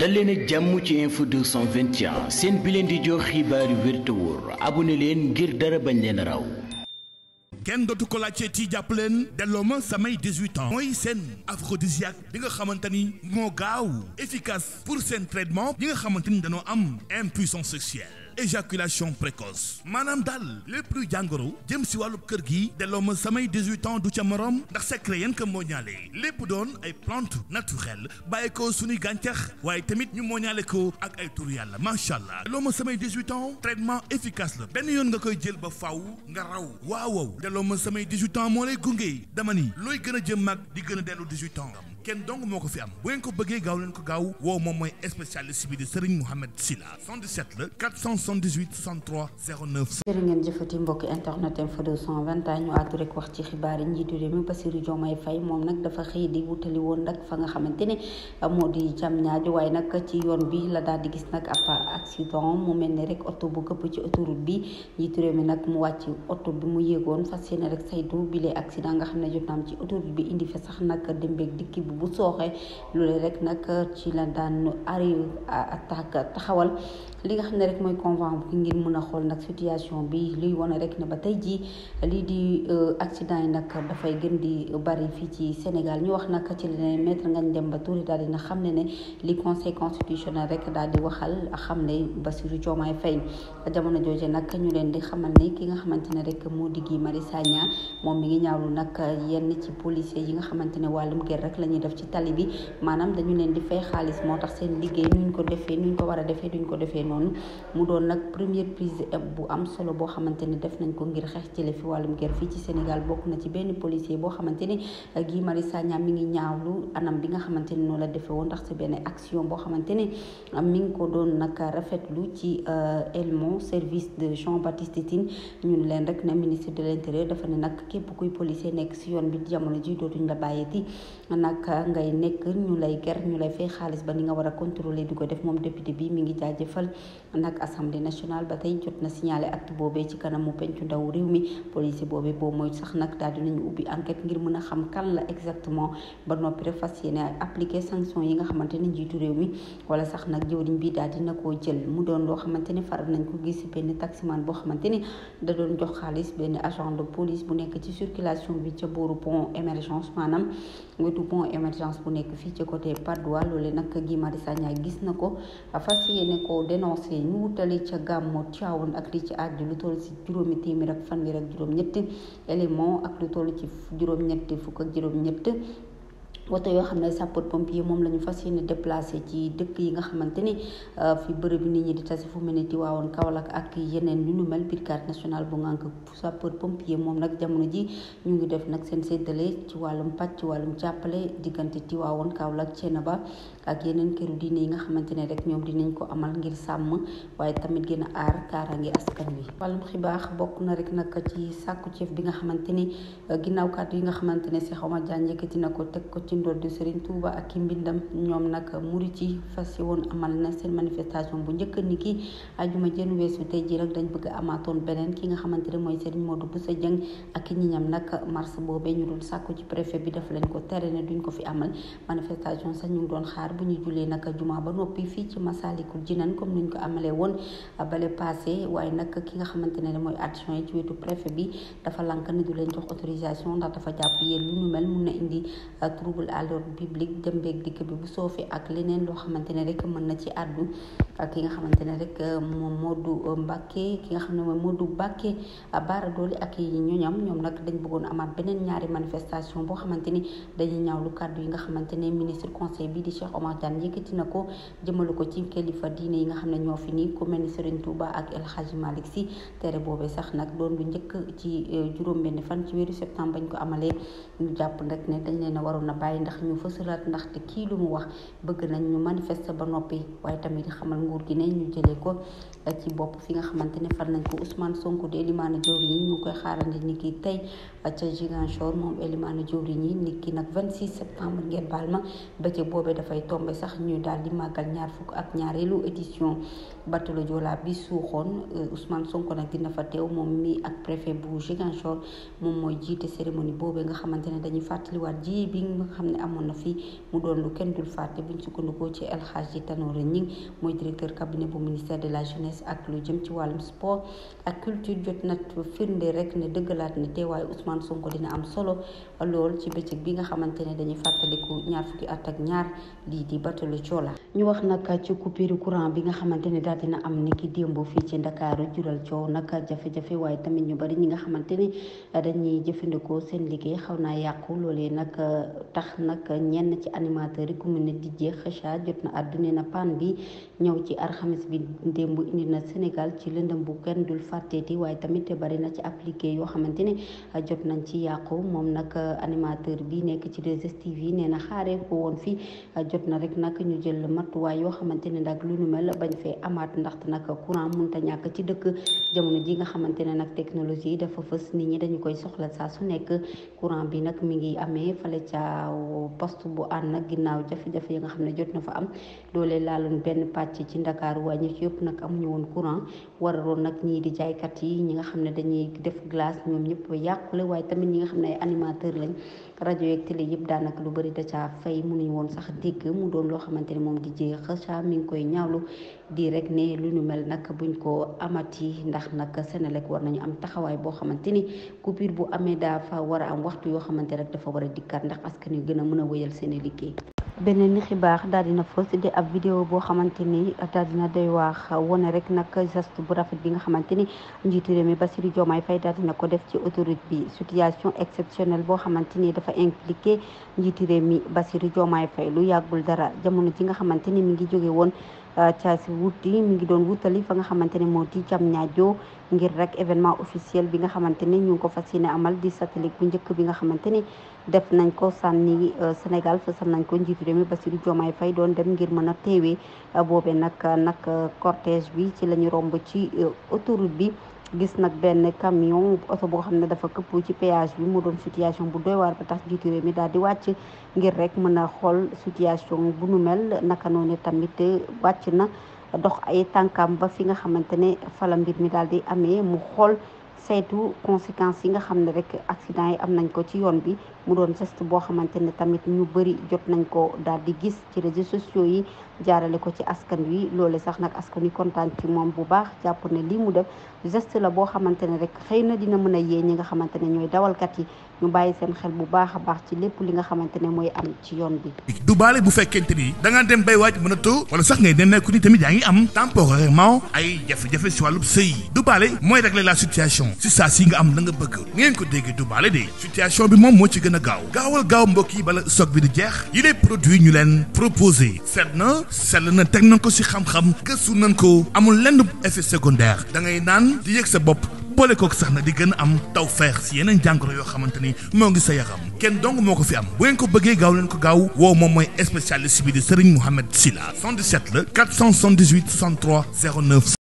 dal leen ak jàmm ci info 221 seen bi leen di jox xibaar yu wér te wóor abonné leen ngir dara bañ leen raw kenn dootu ko laajte jàpp leen delloo ma samay 18 ans mooy seen aphrodisiaque bi nga xamante ni moo gaaw efficace pour seen traitement ñi nga xamante ni dañoo am impuissance sexuelle éjaculation précoce maanaam daal lépp luy jàngoro jëm si wàllu kër gi delloo ma samay 18 ans du ca morom ndax secret yéen ko mooñaale lépp doon ay plante naturelle bàyyi ko suñuy gàncax waaye tamit ñu mooñaale ko ak ay tur yàlla macha allah delloo ma samay 18 ans traitement efficace la benn yoon nga koy jël ba faw nga raw waaw waaw delloo ma samay 18 ans moo lay gunge dama ni looy gën a jëm mag di gën a dellu ans. kenn dong moo ko fi am bu ngeen ko bëggee gaaw leen ko gaaw woow moom mooy spécialiste bi di Serigne Mohamed Sylla la ñu àddu rek wax ci xibaar yi njiitu réew mi Bassirou Diomaye Faye moom nag dafa xëy di wutali woon nag fa nga xamante ne moo di jam ñaaju waaye nag ci yoon bi la daal di gis nag ab accident mu mel ne rek oto bu këpp ci autoroute bi njiitu réew mi nag mu wàcc oto bi mu yéegoon fas yéene rek saytu bile accident nga xam ne jot naam bu bu sooxee loolee rek nag ci la daan arrive attaque taxawal li nga xam ne rek mooy convent bi ngir mun a xool nag situation bi luy wone rek ne ba tey jii lii di accident yi nag dafay gën di bari fii ci Sénégal ñu wax nag ci leneen maître Ngagne Demba Touré daal dina xam ne ne li conseil constitutionnel rek daal di waxal xam ne Bassirou Diomaye Faye jamono jooje nag ñu leen di xamal ni ki nga xamante ne rek moo di Guy Marius moom mi ngi ñaawlu nag yenn ci policiers yi nga xamante ne wàllum def ci tali bi maanaam dañu leen di fay xaalis moo tax seen liggéey nuñ ko defee nuñ ko war a defee duñ ko defee noonu mu doon nag première prise bu am solo boo xamante ni def nañ ko ngir xeex jële fi wàllum ger fii ci Sénégal bokk na ci benn policier boo xamante ni Guy Marius Sagna mi ngi ñaawlu anam bi nga xamante ni noonu la defee woon ndax si benn action boo xamante ni mi ngi ko doon nag rafetlu ci euh, Elmon service de Jean Baptiste Tine ñun leen rek na ministre de l'intérieur dafa ne nag képp kuy policier nekk si yoon bi jamono ji dootuñ la bàyyeti nag ngay nekk ñu lay ger ñu lay fay xaalis ba ni nga war a contrôler di ko def moom député bi mi ngi jaajëfal nag assemblée nationale ba tey jot na signalé acte boobee ci kanam mu pencu ndaw réew mi police mooy sax nag daal dinañu ubbi enquête ngir mën a xam kan la exactement ba noppi fas yéene appliqué sanction yi nga xamante ne njiitu réew mi wala sax nag jëwriñ bi daal dina koo jël mu doon loo xamante ni faral nañ ko gis benn taximan boo xamante ni da doon jox xaalis benn agent de police bu nekk ci circulation bi ca booru pont émergence maanaam wetu pont émergence bu nekk fii ci côté Patte d'Oie loole nag gi Marius Sagna gis na ko fas yéene ko dénoncé ñu wutale ca gàmmu Tiwaawan ak lii ci àddi lu toll si juróomi téeméer ak fanweer ak juróom-ñett élément ak lu toll ci juróom-ñett fukk ak juróom-ñett woto yoo xam ne sapeur pompier moom la ñu fas yéene déplacé ci dëkk yi nga xamante ni euh, fi bërëb nit ñi di tase fu mel ne Tiwaawoon Kaolack ak yeneen ñu nu mel biir carte nationale bu ngànk sapeur pompier moom nag ji ñu ngi def nag seen séddale ci wàllum pàcc ci wàllum jàppale diggante Tiwaawoon Kaolack Thiénaba ak yeneen këru diine yi nga xamante ne rek ñoom dinañ ko amal ngir sàmm waaye tamit gën a aar kaaraange askan bi wàllum xibaar bokk na rek nag ci sàkku ceef bi nga xamante ni euh, ginnaaw kàddu yi nga xamante ne Cheikh Omar Diagne yëkkati na ko teg ko ci bindoo di Serigne Touba ak i mbindam ñoom nag murit yi fas yi woon amal na seen manifestation bu njëkk ni ki ajuma jën weesu tey ji rek dañ bëgg amaatoon beneen ki nga xamante ne mooy Serigne Modou Bousso Dieng ak ñiñam nag mars boobee ñu dul sàkku bi daf lañ ko tere ne ko fi amal manifestation sax ñu ngi doon xaar bu ñu julee nag juma ba noppi fii ci Masalikul Jinan comme niñ ko amalee woon bale passé waaye nag ki nga xamante ne mooy action yi ci wetu préfet bi dafa lank ne du leen jox autorisation ndax dafa jàpp yéen lu ñu mel mun na indi trouble à l'ordre public dem beeg dikk bi bu soofee ak leneen loo xamante ne rek mën na ci àddu ak ki nga xamante ne rek euh, moom Modou euh, Mbacké ki nga xam ne mooy Modou Mbacké euh, Bara Dolly ak ñoñam ñoom nag dañ bëggoon amaat beneen ñaari manifestation boo xamante ni dañuy ñaawlu kàddu yi nga xamante ne ministre conseil bi di Cheikh Omar Diagne yëkkati na ko jëmale ko ci kilifa diine yi nga xam ne ñoo fi nii ku mel ni Serigne Touba ak El Hadji Malick Sy sax nag doon lu njëkk ci juróom benn fan ci weeru septembre bañ ko amalee ñu jàpp rek ne dañ leen waroon a bàyyi yi ndax ñu fësalaat ndaxte kii lu mu wax bëgg nañ ñu manifester ba noppi waaye tamit xamal nguur gi ne ñu jëlee ko eh, ci bopp fi nga xamante ne far nañ ko Ousmane Sonko di Elimane Diori ñi ñu koy xaarandi ni ki tey eh, ca Ziguinchor moom Elimane Diori ñi ni ki nag 26 septembre ngeen baal ma bëccëg boobee dafay tombé sax ñuy daal di màggal ñaar fukk ak ñaareelu édition bateau Joola bi suuxoon eh, Ousmane Sonko nag dina fa teew moom mi ak préfet bu Ziguinchor moom mooy jiite cérémonie boobee nga xamante ne dañuy fàttaliwaat ji bi xam ne amoon na fi mu doon lu kenn dul fàtte buñ sukkandikoo ci El Hadji Tanor Gning mooy directeur cabinet bu ministère de la jeunesse ak lu jëm ci wàllum sport ak culture jot na firnde rek ne dëggalaat ne teewaayu Ousmane Sonko dina am solo lool ci bëccëg bi nga xamante ne dañuy fàttaliku ñaar fukki at ak ñaar lii di batalu Joola ñu wax nag ci coupure courant bi nga xamante ne daal dina am ni ki démb fii ci Ndakaaru jural coow nag jafe-jafe waaye tamit ñu bari ñi nga xamante ne dañuy jëfandikoo seen liggéey xaw naa yàqu loolee tax nag ñenn ci animateur yi commune di jeex xëcha jot na àdduna na panne bi ñëw ci alxames bi démb indi na Sénégal ci lëndëm bu kenn dul fàtteeti waaye tamit bari na ci appliqué yoo xamante ne jot nañ ci yàqu moom nag animateur bi nekk ci 2 yi nee na xaaree woon fi jot na rek nag ñu jël matuwaay yoo xamante ne nag lu nu mel bañ fee amaat ndaxte nag courant mënta ñàkk ci dëkk jamono ji nga xamante ne nag technologie dafa fës nit ñi dañu koy soxla saa su nekk courant bi nag mi ngi amee fale ca taxaw poste bu ànd na ginnaaw jafe-jafe yi nga xam ne jot na fa am loolee laaloon benn pàcc ci ndakaaru waaye ñu ci yëpp nag amuñu woon courant waraloon nag ñii di jaaykat yi ñi nga xam ne dañuy def glace ñoom ñëpp yàqule waaye tamit ñi nga xam ne ay animateur rajo yeeg télé yëpp daanaka lu bëri da caa fay mënuñu woon sax dégg mu doon loo xamante ni moom di jee xëca mi ngi koy ñaawlu di rek ne lu ñu mel nag buñ ko amat yi ndax nag Senelec war nañu am taxawaay boo xamante ni coupure bu amee daa fa war a am waxtu yoo xamante rek dafa war a dikkat ndax askan wi gën a mën a wëyal seen i liggéey. beneen xibaax daal dina fës di ab vidéo boo xamante ni daal dina doy waax wone rek nag geste bu rafet bi nga xamante ni njiitu réew mi Bassirou Diomaye fay daal dina ko def ci autoroute bi situation exceptionnelle boo xamante ni dafa impliqué njiitu réew mi Bassirou Diomaye fay lu yàggul dara jamono ji nga xamante ni mi ngi jóge woon Thiès euh, wuti mi ngi doon wutali fa nga xamante ne moo di jam ñaajo ngir rek événement officiel bi nga xamante ne ñu ko fas yéene amal di satellite bu njëkk bi nga xamante ne def nañ ko sànni euh, Sénégal fësal nañ ko njiitu réew mi Bassirou Diomaye fay doon dem ngir mën a teewee euh, boobe nag nag cortège bi ci la ñu romb ci autoroute bi gis nag benn camion oto boo xam ne dafa këpp ci péage bi mu doon situation bu doy waar ba tax jiitu réew mi daal di wàcc ngir rek mën a xool situation bu nu mel naka noonu tamit wàcc na dox ay tànkam ba fi nga xamante ne fala mbir mi daal di amee mu xool saytu conséquences yi nga xam ne rek accident yi am nañ ko ci yoon bi mu doon geste boo xamante ne tamit ñu bëri jot nañ ko daal di gis ci réseaux sociaux yi jaarale ko ci askan wi loole sax nag bu baax jàpp ne lii ne rek xëy na dina mën a yee ñi nga xamante ne ñooy dawalkat yi ñu bàyyi seen xel bu baax a baax ci lépp li nga xamante mooy am ci yoon bi. du baale bu fekkente ni da dem bay waaj mën a too wala sax ngay nemmeeku ni tamit yaa ngi am temporairement ay jafe-jafe si wàllu sëy du baale mooy régler la situation si saa si nga am la nga bëgg ngeen ko dégg du de situation bi moom moo ci gën a gaaw gaawal gaaw mbokk yi bala stock bi di jeex yi les produits ñu leen proposé seet na sell na teg nañ ko ci xam-xam gëstu nañ ko amul lenn effet secondaire da ngay naan di yëg sa bopp boole kook sax na di gën a am tawfeex si yeneen jàngoro yoo xamante ni moo ngi sa yaxam kenn dong moo ko fi am bu ngeen ko bëggee gaaw leen ko gaaw woo moom mooy spécialiste di Serigne Mohamed Sylla 77 la